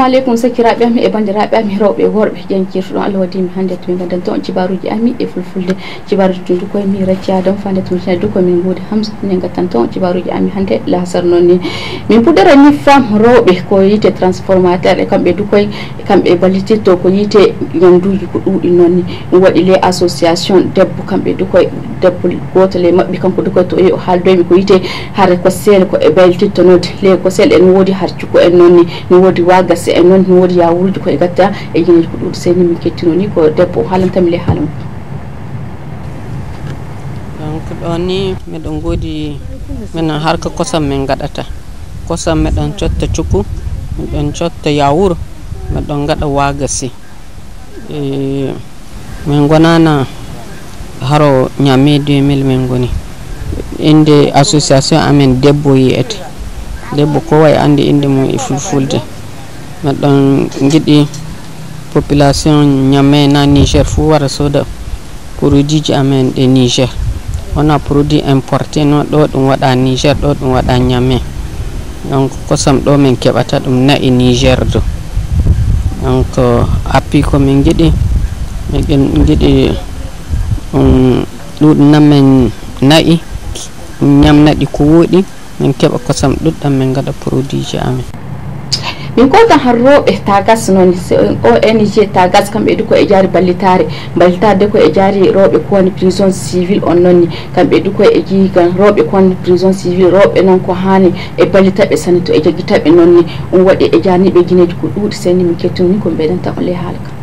assalamu aleykum sakiraɓe ami e bandiraɓe ami rewɓe worɓe ƴankirtoɗon allah waɗimi hannde tomin gandan ton cibaruji ami e fulfulde cibaruji ɗu dukoye mi racciadam fande tomi cinadi duko min guude hamsa min gattan ton cibaruji ami e hannde lasar noon ni min puɗɗara ni fam rewɓe ko yiite transformateur e kamɓe dukoye kamɓe ballitirto ko yiite ñanduji ko ɗuuɗi noon ni ɗum waɗi les association debbo kamɓe dukoye debbo gotel e mabɓe kanko ɗo koto o haaldoyɓe ko yite haare ko sele ko e baylititto noode le ko sele en woodi har cukko en noonni ne woodi wagase en noon ne woodi yawurji ko e gatta e yineji ko ɗuɗo seni min kettino ni ko debbo o haalantami le haala mum donc ɗo ni miɗon godi minen harka kosam min gaɗata kosam miɗon cotta cukku miɗon cotta yawuro miɗon gaɗa wagasi e, min gonana haro ñamme 2000 min ngoni innde association amen debbo yiyete debbo ko way anndi innde mum e fulfulde neɗɗon giɗi population ñamme na niger fuu wara sooda produit ji amen ɗe niger wona produit importé no ɗo ɗum waɗa niger ɗo ɗum waɗa ñamme donc kosam ɗo min keɓata ɗum na'i niger do donc appui ko min giɗi min giɗi ɗuɗum nan min na'i ñamnaɗi ko woɗi min keɓa kosam ɗuɗɗam min gaɗa produit ji amin min kotan han roɓe tagas noon ong tagas kamɓe du ko e jaari ballitare ballitade ko e jaari roɓe kowoni prison civil on noon ni kamɓe du ko e jiigan roɓe kowoni prison civil roɓe noon ko hani e ballitaɓe sani to e jaggitaɓe ni ɗum waɗi e jarniɓe guineji ko ɗuuɗi seni min kettini ko mbeɗen tan on ley haala kam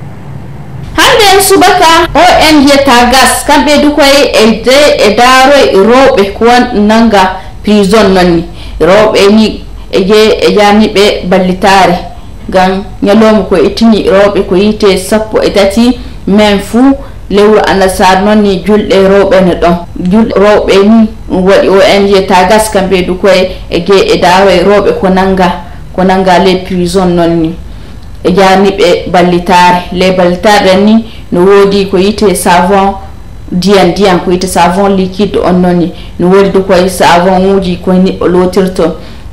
hande en subaka o en yiyata gas kamɓe dukoye e de e daaroy e rewɓe kowon nanga prison noon ni rewɓe ni e je e jamiɓe ballitare ngam ñalowma ko ittini rewɓe ko yiite sappo e tati men fuu lewru anasar noon ni julɗe rewɓe ne ɗon julɗe rewɓe ni ɗum waɗi o en yiyata gas kamɓe dukoye e je e daaroy rewɓe ko nanga ko nanga ley prison noon ni E jarniɓe ballitare les ballitareɗen ni no woodi ko yite savon ndiyan ndiyan ko yite savon liquide on noon ni no woodi du koye savon uji koye niɓɓo lotirto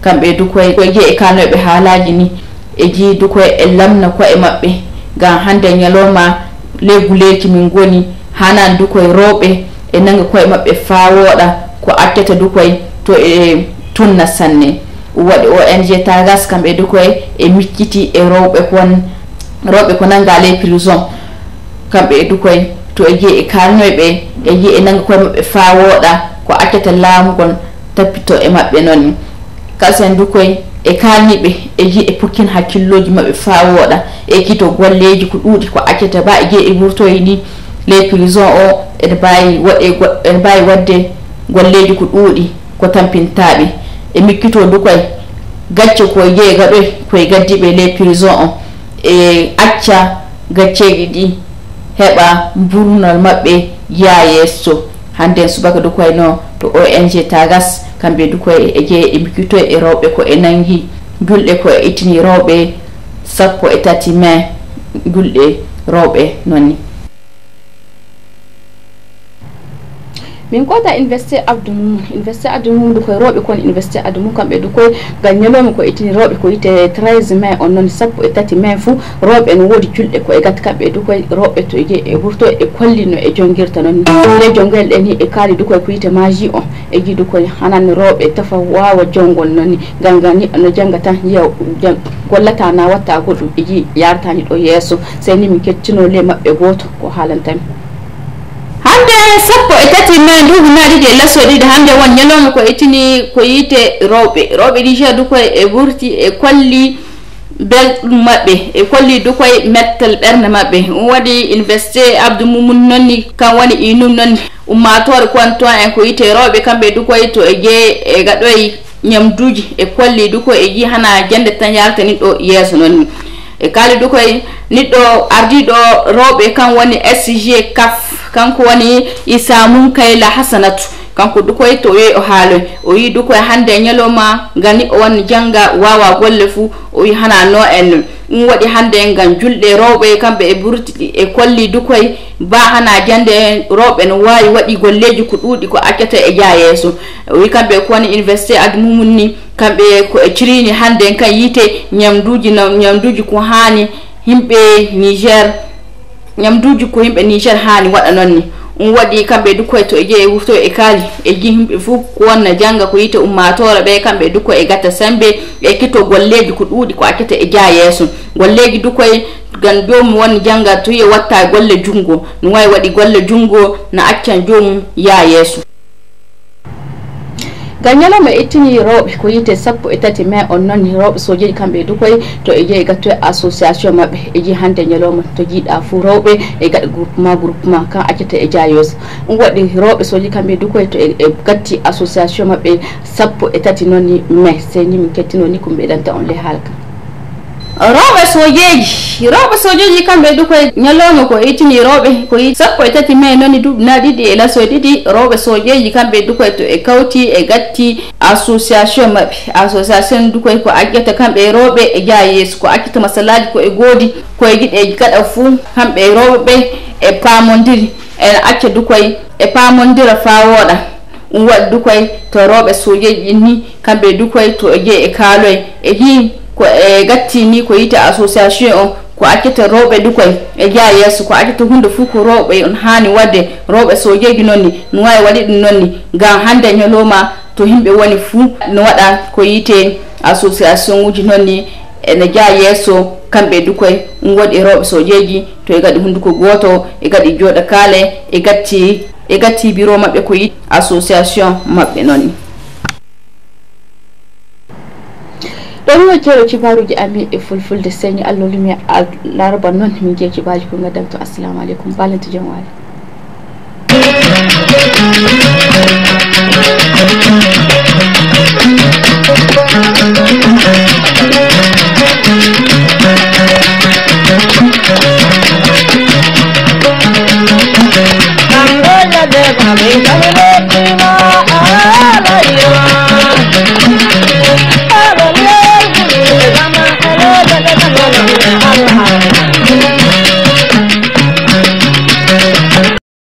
kamɓe du koyekoye jee e kanoyeɓe haalaji ni e jii du koye e lamna koye maɓɓe gam hande ñalowma ley guleyki min goni hanan du koye rewɓe e nangge koye maɓɓe fawoɗa ko accata du koye to e tunna sanne waɗi ong tagas kamɓe du koye e mikkiti e rewɓe kon rewɓe ko nanga les prison kamɓe e du koye to e jeehi e kalnoyɓe e jeehi e nanga koye maɓɓe fa wooɗa ko accata laamugol tappito e maɓɓe noonni kasen du koye e kalniɓe e jeehi e pokkin hakkilloji maɓɓe fa wooɗa e kito golleji ko ɗuuɗi ko accata ba e jeehi e wurtoye ni les prison o ene mbawi waɗe ene mbawi wadde golleji ko ɗuuɗi ko tampintaɓe e mikkito ndu koye gacce koye jeega ɗoy koye gaddiɓe les prison on e acca gacceji ɗi heɓa mburnal maɓɓe ya yesso hande subaka du koye no to ong tagas kamɓe du koye e jeeye e mikkito e rewɓe ko e nangi gulɗe ko e ittini rewɓe sappo e tati mai gulɗe rewɓe noonni min koda investé abdou mum investé abdou mum du koye rewɓe kon investé abdou mum kamɓe du koye ngal ñalomi ko itini rewɓe ko yite 13 mai on noon sappo e tati mai fou rewɓe no wodi julɗe e koye gat kamɓe du koye rewɓe to ye e wurto e kollino e jonguirta noon ne jonguel ɗe ni e kaali du koye ko yite maji on e ji du koye hanan rewɓe tafa wawa jongol noonni ngal ngani no jangga tan yiya gollata na watta goɗɗum e ji yartani ɗo yesso seni min kettino le mabɓe goto ko haalantami sappo e tati nayi nduuɓi naa ɗiɗi e laso ɗiɗi hannde won ñalowma ko ittini ko yiite rowɓe rowɓe nigér dukoye e wurti e kolli belɗum maɓɓe e kolli dukoye mettal ɓernde maɓɓe ɗum waɗi investé abdou mumun nonni kan woni inum nonni ummatore conton en ko yiite rowɓe kamɓe dukoye to e jeye e gaɗoye ñamduuji e kolli dukoye e ji hana jannde tan yalta ni ɗo yeeso nonni e kaalidu koye niɗɗo ardiɗo rewɓe kan woni sg caf kanko woni isa mun kayla hasanatu kanko dukoye to yoyi o haaloy o yi dukoye hannde e ñalowma ngani o wanni jannga wawa golle fuu o wi hana no en nu ɗum waɗi hannde en ngam julɗe rewɓe kamɓe e burtiɗi e kolli dukoye ba hana jannde en rewɓe no wawi waɗi golleji ko ɗuuɗi ko accata e jaa yeeso o wi kamɓe ko wani université adumumum ni kamɓe koe cirini hannde en kan yiite ñamduji ñamduji ko haani yimɓe nigér ñamduji ko yimɓe nigér haani waɗa noon ni wadi kamɓe dukko to e jeeyi wurto e kaali e yimɓe fof wonna janga ko yite ummatore ɓe kamɓe duko e gatta sembe e kitto golleji ko ɗuuɗi ko akete e jaa yeeso golleji dukkoye gan jomum woni janga to wiye watta golle jungo no wawi waɗi golle jungo na accan jomum yaa yeeso gañalama ittini e rewɓe ko yite sappo e tati mai on noon rewɓe sojiji kamɓe e dukoy to e jeeyi gatto e association mabɓe e jeehi hande ñalowma to jiiɗa fou rewɓe e gaɗa groupement groupement kan accata e jayos ɗum waɗi rewɓe sojiji kamɓe e dukoy to e gatti association mabɓe sappo e tati noon mai seni min kettinoni komɓe ɗanta on le haala kam rewɓe sojeji rewɓe sojeji kamɓe du koye ñalloma ko itini rewɓe ko sappo e tati mai noni duɓi na ɗiɗi e laso ɗiɗi rewɓe sojeji kamɓe du koye to e kawti e gatti association mabɓe association du koye ko acƴata kamɓe e rewɓe e jaa yeeso ko accita masalaji koye goodi koye giɗe gaɗa fuu kamɓe rewɓe e, e pamodiri ene acca du koye e pamodira fa wooɗa ɗum waɗi du koye to rewɓe sojeji ɗin ni kamɓe du koye to e jeeyi e kaaloye e hii ko e eh, gattini ko yite association on ko accete rewɓe ɗi koye e jeya yesso ko accete hunde fuu ko rewɓe on hani wadde rewɓe sojeji noon ni no wawi waɗi ɗum noon ni gam hande ñalowma to himɓe woni fuu no waɗa ko yite association uji noon ni ene jeya yesso kamɓe ɗi koye ɗum waɗi rewɓe sojeji to e gaɗi hunde ko goto e gaɗi jooɗa kaale e gatti e gatti biro mabɓe ko yite association mabɓe noon ni ɓariwar jere ki baru gi ami e fulfulde sanyi allolu mi a laraba noon ke ki baji ko gaddamto assalamu alaikum balanta jom waali Angola